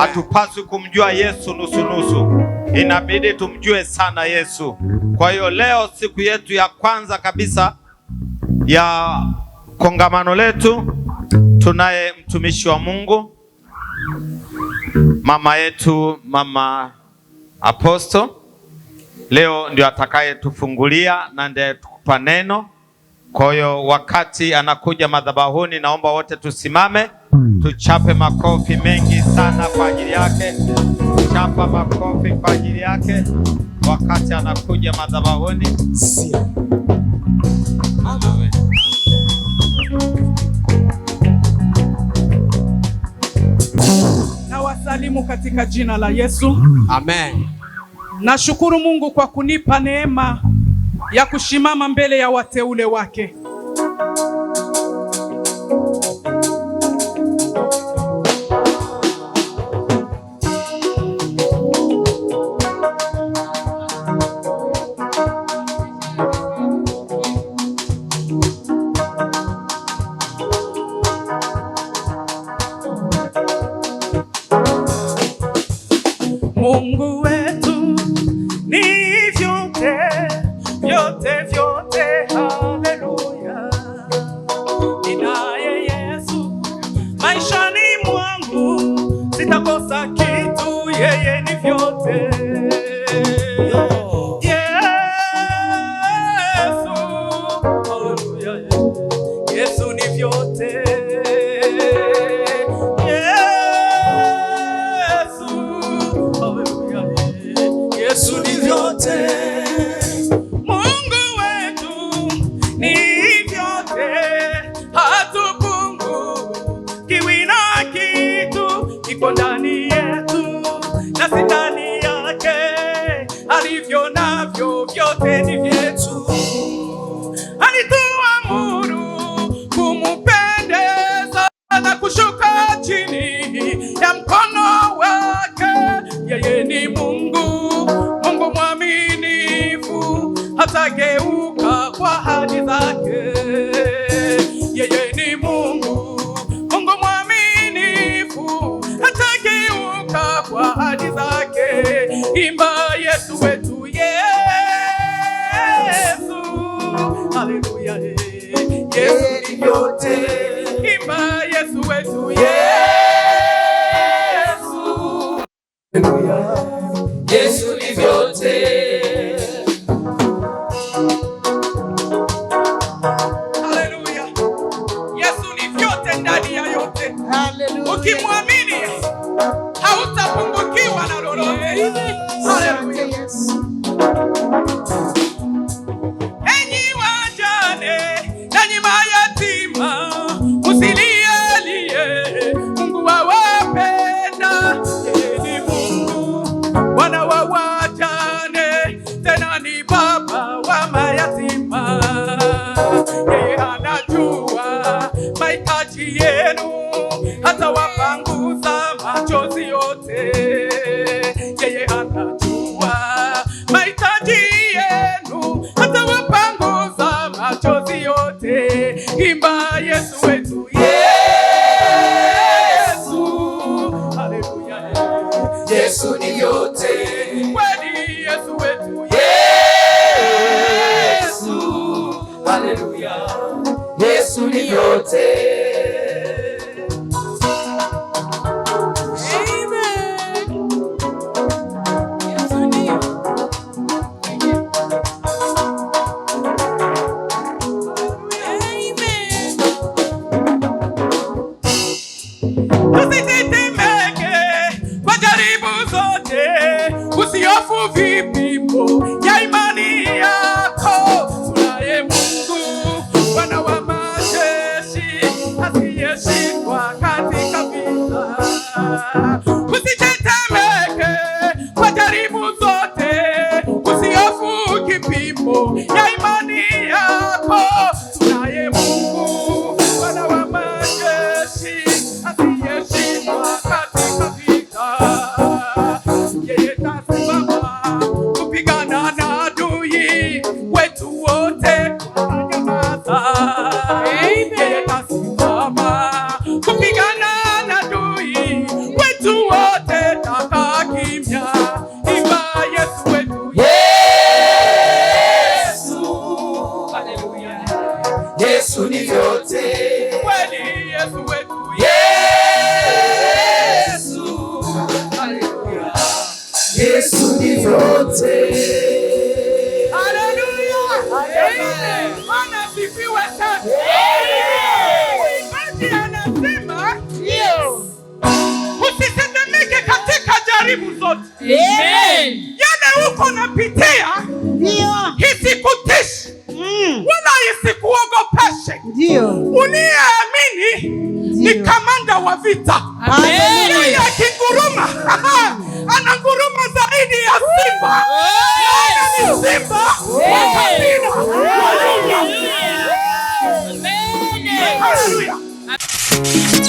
hatupaswi kumjua Yesu nusunusu, inabidi tumjue sana Yesu. Kwa hiyo leo siku yetu ya kwanza kabisa ya kongamano letu tunaye mtumishi wa Mungu, mama yetu, mama Aposto leo ndio atakayetufungulia na ndiye tukupa neno. Kwa hiyo wakati anakuja madhabahuni, naomba wote tusimame. Tuchape makofi mengi sana kwa ajili yake. Chapa makofi kwa ajili yake wakati anakuja madhabahuni. Nawasalimu katika jina la Yesu. Amen. Nashukuru Mungu kwa kunipa neema ya kushimama mbele ya wateule wake. kukosa kitu, yeye ni vyote. hivyo navyo vyote ni vyetu. Alituamuru kumupendeza na kushuka chini ya mkono wake. Yeye ni Mungu, Mungu mwaminifu hata Haleluya, Yesu ni yote. Imba Yesu wetu, Yesu. Haleluya, Yesu ni vyote. Haleluya, Yesu ni vyote ndani ya yote. Ukimwamini hautapungukiwa na lolote. Yesu ni vyote kweli, Yesu wetu, Yesu haleluya, Yesu ni vyote Amen. Tasimama kupigana wetu wote taka Yesu wetu Yesu. Haleluya. Yesu ni vyote kweli Yesu wetu Yesu. Haleluya. Yesu ni vyote Uniyeamini ni kamanda wa vita. Yeye akinguruma ananguruma zaidi ya simba, ni simba wa kabila.